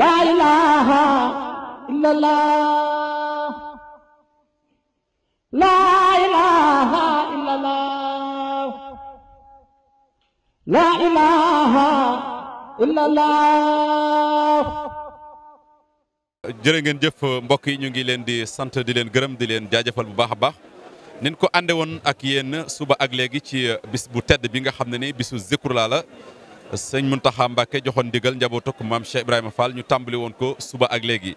laa ilaaha illallah laa ngeen jëf mbokk yi ñu ngi leen di sant di leen gërëm di leen jaajëfal bu baax a baax nin ko ànde woon ak yenn suba ak léegi ci uh, bis bu tedd bi nga xam ne ni bisu zikur laa la sëñ Mountakha Mbacké joxoon ndigal njabootu ko maam Cheikh Ibrahima Fall ñu tàmbali woon ko suba ak léegi.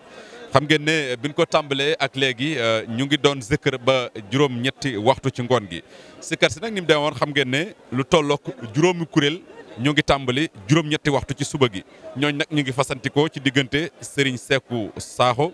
xam ngeen ne biñ ko tàmbalee ak léegi euh, ñu ngi doon zikr ba juróom-ñetti waxtu ci ngoon gi sikar si nag ni mu demee woon xam ngeen ne lu tollook juróomi kuréel. ñu ngi tàmbali juróom-ñetti waxtu ci suba gi ñooñ nag ñu ngi fasantikoo ci diggante seriñ Seckou Sakho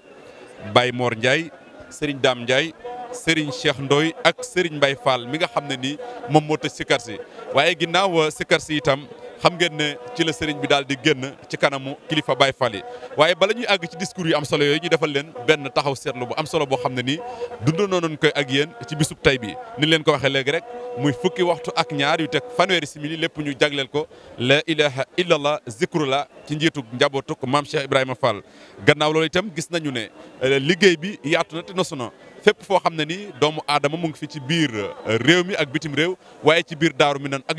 Baye moor Ndiaye Serigne daam Ndiaye Serigne Cheikh Ndoy ak Serigne Mbaye Fall mi nga xam ne nii moom moo tëj si waaye euh, xam ngeen ne ci la sëriñ bi daal di génn ci kanamu kilifa Baye Fall yi waaye bala ñuy àgg ci discours yu am solo yooyu ñu defal leen benn taxaw seetlu bu am solo boo xam ne nii dundandoo nañ koy ak yéen ci bisub tey bi ni leen ko waxee léegi rek muy fukki waxtu ak ñaar yu teg fanweeri simili lépp ñu jagleel ko la ilaha illallah zikrullah ci njiitug njabootuk maam Cheikh Ibrahima fal gannaaw loolu itam gis nañu ne euh, liggéey bi yaatu na te nosu na fépp foo xam ne nii doomu aadama mu ngi fi ci biir euh, réew mi ak bitim réew waaye ci biir daaru mi nan ak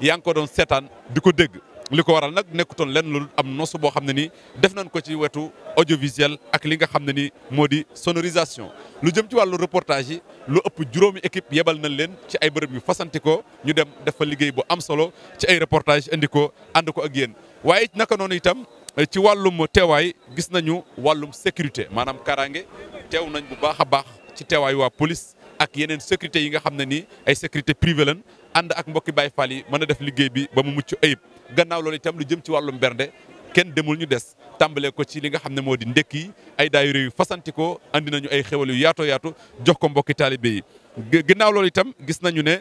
yaa ngi ko doon seetaan di ko dégg li ko waral nag nekkutoon lenn lu am nosu boo xam ne nii def nañ ko ci wetu audiovisuel ak li nga xam ne ni moo di sonorisation lu jëm ci wàllu reportage yi lu ëpp juróomi équipe yebal nañ leen ci ay bërëb yu fasanti ko ñu dem dafa liggéey bu am solo ci ay reportage indi ko ànd ko ak yéen waaye naka noonu itam ci wàllum teewaay gis nañu wàllum sécurité maanaam kaaraange teew nañ bu baax a baax ci teewaay waa police ak yeneen sécurité yi nga xam ne nii ay sécurité privée lañ ànd ak mbokki Baye Fall yi mën a def liggéey bi ba mu mucc ayib gannaaw loolu itam lu jëm ci wàllum bernde kenn demul ñu des tàmbalee ko ci li nga xam ne moo di ndekki yi ay daayira yu fasantikoo indi nañu ay xéwal yu yaato yaatu jox ko mbokki taalibe yi gannaaw loolu itam gis nañu ne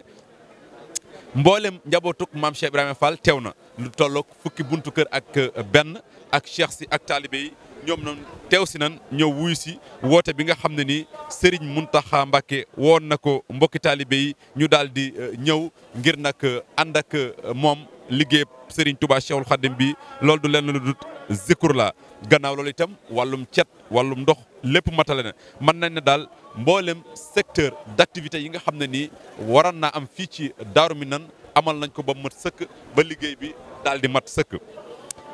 mboolem njabootuk maam Cheikh Ibrahima teew na lu tollook fukki buntu kër ak euh, benn ak cheikh si ak taalibe yi ñoom noonu teew si nan ñëw wuy si woote bi nga xam ne nii Serigne Mountakha Mbacké woon na ko mbokki taalibe yi ñu daal di euh, ñëw ngir nag euh, ànd ak euh, moom liggéey Serigne Touba Cheikhul Khadim bi loolu du lenn lu dut zikur la gannaaw loolu itam wàllum cet wàllum ndox lépp matale na mën nañ ne daal mboolem secteur d'activité yi nga xam ne nii waroon naa am fii ci Darou nan amal nañ ko ba mat sëkk ba liggéey bi daal di mat sëkk.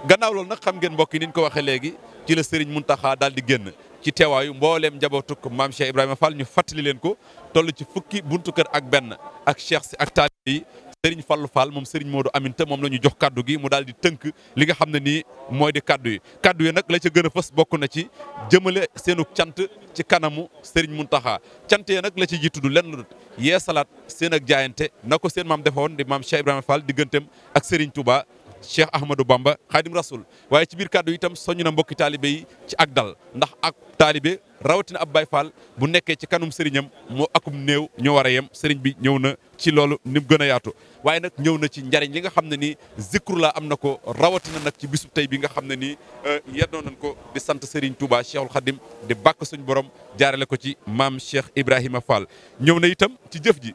gannaaw loolu nag xam ngeen mbokk yi ni ko waxee léegi ci la Serigne Mountakha daal di génn ci teewaayu mbooleem njabootuk maam Cheikh Ibrahima Fall ñu fàttali leen ko toll ci fukki buntu kër ak benn ak cheikh si ak taalibe yi Serigne Fallou moom moom Serigne Modou Aminta moom la ñu jox kaddu gi mu daal di tënk li nga xam ne nii mooy di kaddu yi kaddu yi nag la ca gën a fës bokk na ci jëmale seenuk cant ci kanamu Serigne Mountakha cant yi nag la ci jiitu du lenn dut yee salaat seen jaayante na ko seen maam defoon di maam Cheikh Ibrahima Fall ak Serigne Cheikh Ahmadou Bamba Khadim Rasoul waaye ci biir kàddu itam soñu na mbokki taalibe yi ci ak dal ndax ak taalibe rawatina ab bay Faal bu nekkee ci kanum sëriñam moo akum néew ñoo war a yem sëriñ bi ñëw na ci loolu ni mu yaatu waaye nag ñëw na ci njariñ li nga xam ne ni zikru la am na ko rawatina nag ci bisub tey bi nga xam ne nii euh, yennoo nañ ko di sant sëriñ Touba Cheikhul Khadim di bàkk suñ borom jaarale ko ci maam Cheikh Ibrahima Fall ñëw na itam ci jëf ji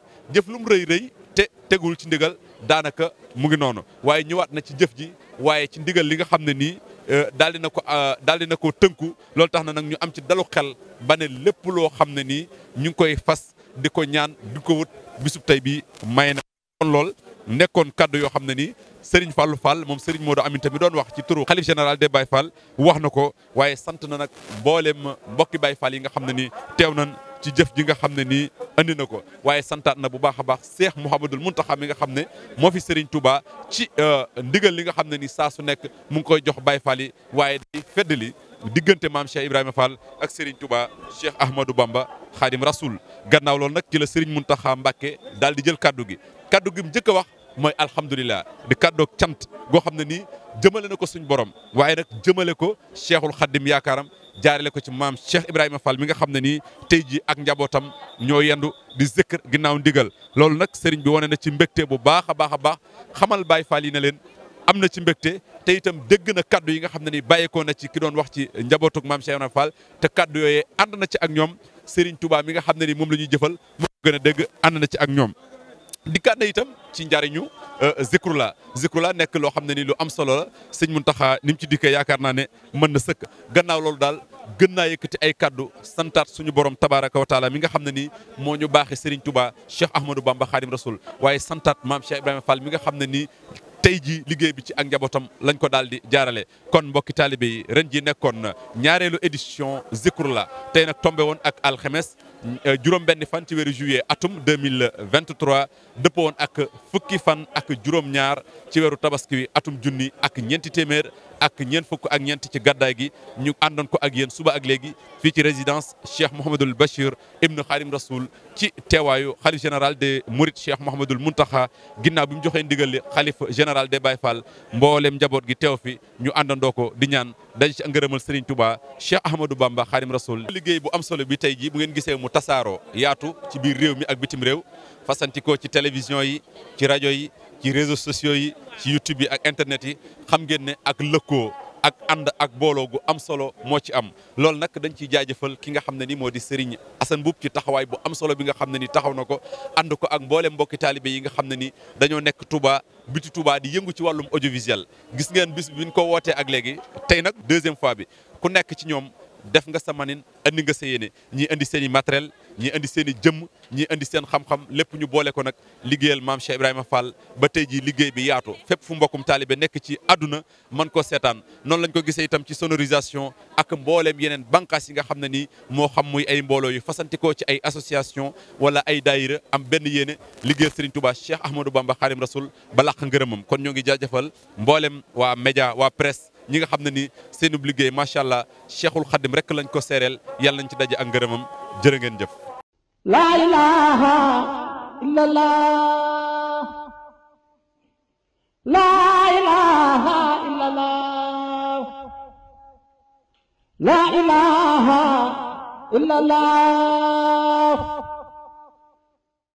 daanaka mu ngi noonu waaye ñëwaat na ci jëf ji waaye ci ndigal li nga xam ne nii euh, daal di na ko euh, daal di na ko tënku loolu tax na nag ñu am ci dalu xel ba ne lépp loo xam ne nii ñu ngi koy fas di ko ñaan di ko wut bisub tey bi may na kon lool nekkoon kaddu yoo xam ne ni Serigne Fallou Fall moom Serigne Modou Aminta mi doon wax ci turu xalif général de Baye Fall wax na ko waaye sant na nag mboolem mbokki Baye Fall yi nga xam ne nii teew na ci jëf ji nga xam ne nii indi na ko waaye santaat na bu baax a baax Seex Muhammadul Muntaxa mi nga xam ne moo fi Serigne Touba ci euh, ndigal li nga xam ne ni saa su nekk mu ngi koy jox Baye Fall yi waaye day li diggante maam Cheikh Ibrahima Fall ak Serigne Touba Cheikh Ahmadou Bamba Khadim Rasoul gannaaw loolu nag ci la Serigne Muntaxa Mbàkke daal di jël kaddu gi kaddu gi mu njëkk a wax mooy alhamdulilah di kaddoog cant goo xam ne nii jëmale na ko suñ borom waaye nag jëmale ko Cheikhul Khadim yaakaaram jaarale ko ci maam Cheikh Ibrahima Fall mi nga xam ne nii tey jii ak njabootam ñoo yendu di zikr ginnaaw ndigal loolu nag sëriñ bi wane na ci mbégte bu baax a baax a baax xamal Baye Fall yi ne leen am na ci mbégte te itam dégg na kaddu yi nga xam ne ni bàyyeekoo na ci ki doon wax ci njabootug maam Cheikh Ibrahima Fall te kaddu yooyee ànd na ci ak ñoom sëriñ Touba mi nga xam ne nii moom la ñuy jëfal moo gën a dégg ànd na ci ak ñoom. dikkaat na itam ci njariñu Zikrula euh, Zikrula nekk loo xam ne ni lu am solo la sëñ Muntaxa ni mu ci dikkee yaakaar naa ne mën na sëkk gannaaw loolu daal gën naa yëkkati ay kàddu santaat suñu borom tabaraka wa mi nga xam ne ni moo ñu baaxee Serigne Touba Cheikh Ahmadou Bamba Khadim Rasoul waaye santaat maam Cheikh Ibrahima Fall mi nga xam ne ni tey jii liggéey bi ci ak njabootam lañ ko daal di jaarale kon mbokki taalibe yi ren ji nekkoon ñaareelu édition Zikrula tey nag tombé woon ak alxemes Euh, juróom benn fan ci weeru juillet atum 2023 dëppoon ak fukki fan ak juróom-ñaar ci weeru tabaski wi atum junni ak ñeenti téeméer ak ñeen fukk ak ñeent ci gàddaay gi ñu àndoon ko ak yéen suba ak léegi fii ci résidence Cheikh Mouhamadul Bachir Ibn Khadim Rasoul ci teewaayu xalif général des Mourides Cheikh Mouhamadul Mountakha ginnaaw bi mu joxee ndigal li xalif général des Baye Fall mboolem njaboot gi teew fi ñu àndandoo ko di ñaan daje ci ngërëmal Serigne Touba Cheikh Ahmadou Bamba Khadim Rasoul. liggéey bu am solo bi tey jii bu ngeen gisee mu tasaaroo yaatu ci biir réew mi ak bitim réew fasantikoo ci télévision yi ci rajo yi. ci réseau sociaux yi ci YouTube yi ak internet yi xam ngeen ne ak lëkkoo ak ànd ak booloo gu am solo moo ci am loolu nag dañ ciy jaajëfal ki nga xam ne ni moo di Serigne Assane Mboup ci taxawaay bu am solo bi nga xam ne ni taxaw na ko ànd ko ak mbooleem mbokki taalibe yi nga xam ne ni dañoo nekk Touba biti tubaa di yëngu ci wàllum audiovisuel gis ngeen bis biñ ko wootee ak léegi tey nag deuxième fois bi ku nekk ci ñoom def nga sa manin andi nga sa yéene ñi indi seen i matériel ñii indi seen i jëmm ñii andi seen xam-xam lépp ñu boole ko nag liggéeyal maam Cheikh Ibrahima Fall ba tey jii liggéey bi yaatu fépp fu mbokkum taalibe nekk ci àdduna man koo seetaan noonu lañ ko gisee itam ci sonorisation ak mbooleem yeneen bànqaas yi nga xam ne nii moo xam muy ay mbooloo yu fasantikoo ci ay association wala ay daayira am benn yéene liggéeyal Serigne Touba Cheikh Ahmadou Bamba Khadim Rasoul ba làq ngërëmam kon ñoo ngi jaajëfal mboolem waa média waa presse ñi nga xam ne ni seen ub liggéey macha allah cheikhul xadim rek lañ ko seereel yàlla nañ ci daje ak ngërëmam jërë ngeen jëf